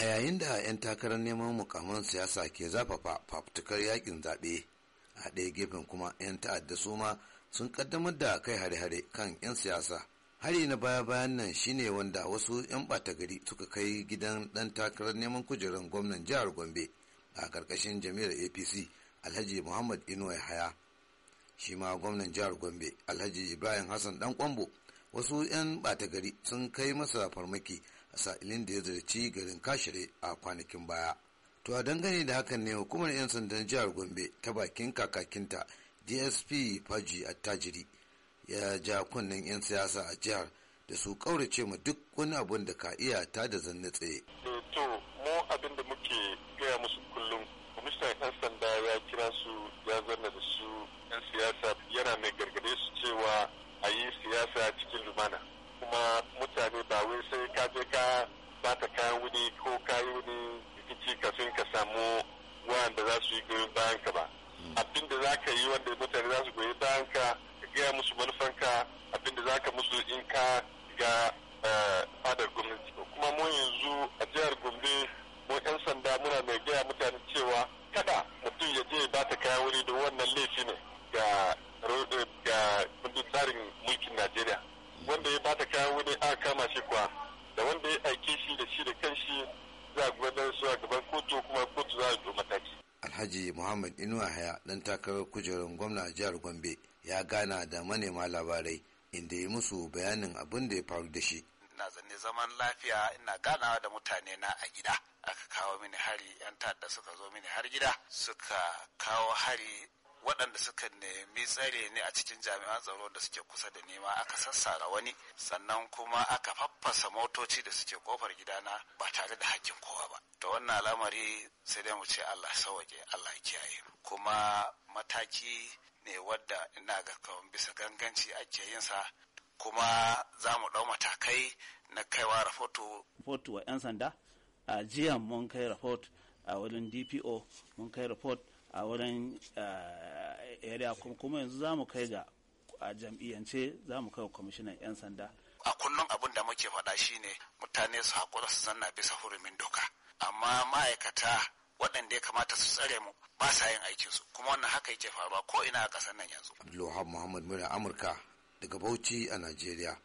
a yayin da 'yan takarar neman mukamman siyasa ke zafafa fafutukar yakin zaɓe a ɗaya gefen kuma 'yan ta'adda su ma sun kaddamar da kai hare-hare kan 'yan siyasa hari na baya-bayan nan shine wanda wasu 'yan ɓata gari suka kai gidan ɗan takarar neman kujerar gwamnan jihar gombe a ƙarƙashin jami'ar apc alhaji muhammad inuwa haya shi ma gwamnan jihar gombe alhaji ibrahim hassan dan kwambo wasu 'yan ɓata gari sun kai masa farmaki sa'ilin da ya zarci garin kashire a kwanakin baya to a dangane da hakan ne hukumar 'yan sandan jihar gombe ta bakin kakakinta dsp faji attajiri ya ja kunnen 'yan siyasa a jihar da su kaurace ma duk wani abun da ka iya ta da zanne tsaye. Eh, to mu abin muke gaya musu kullum kwamishinan 'yan sanda ya kira su ya zanna da su 'yan siyasa yana mai gargade su cewa a yi siyasa cikin lumana kuma mutane ba wai sai ka je ka bata kayan wuni ko kayi wuni rikici ka sun ka samu wanda za su yi goyon bayan ka ba hmm. abin da za ka yi wanda mutane za su goyi bayan ka ka gaya musu ka abin da za ka musu in ka ga eh, fadar gwamnati kuma mu yanzu a jihar gombe mu yan sanda muna mai gaya mutane cewa kada mutum ya je ba ta kayan wuri da wannan laifi ne alhaji muhammad inuwa haya dan takarar kujerun gwamna jihar gombe ya gana da manema labarai inda ya musu bayanin abin da ya faru da shi ina zanne zaman lafiya ina ganawa da mutane na a gida aka kawo mini hari yan ta'adda suka zo mini har gida suka kawo hari waɗanda suka nemi tsare ne a cikin jami'an tsaro da suke kusa da nema aka sassara wani sannan kuma aka faffasa motoci da suke kofar gidana ba tare da hakkin kowa ba wannan al'amari sai dai mu ce Allah sawaje Allah kiyaye kuma mataki ne wadda ina ga kawon bisa ganganci ake yin sa kuma za mu ɗau matakai na kaiwa rahoto. Rahoto wa 'yan sanda a jiya mun kai report, a wurin DPO mun kai report, a wurin area kuma yanzu za mu kai ga a jam'iyyance za mu kai wa kwamishinan 'yan sanda. A kullum abin da muke faɗa shine mutane su haƙura su zanna bisa hurumin doka. amma ma'aikata waɗanda ya kamata su tsare mu ba sa yin aikinsu kuma wannan haka yake faruwa ko ina a ƙasar nan yanzu. Abdullahi Muhammad Mura Amurka daga Bauchi a Najeriya.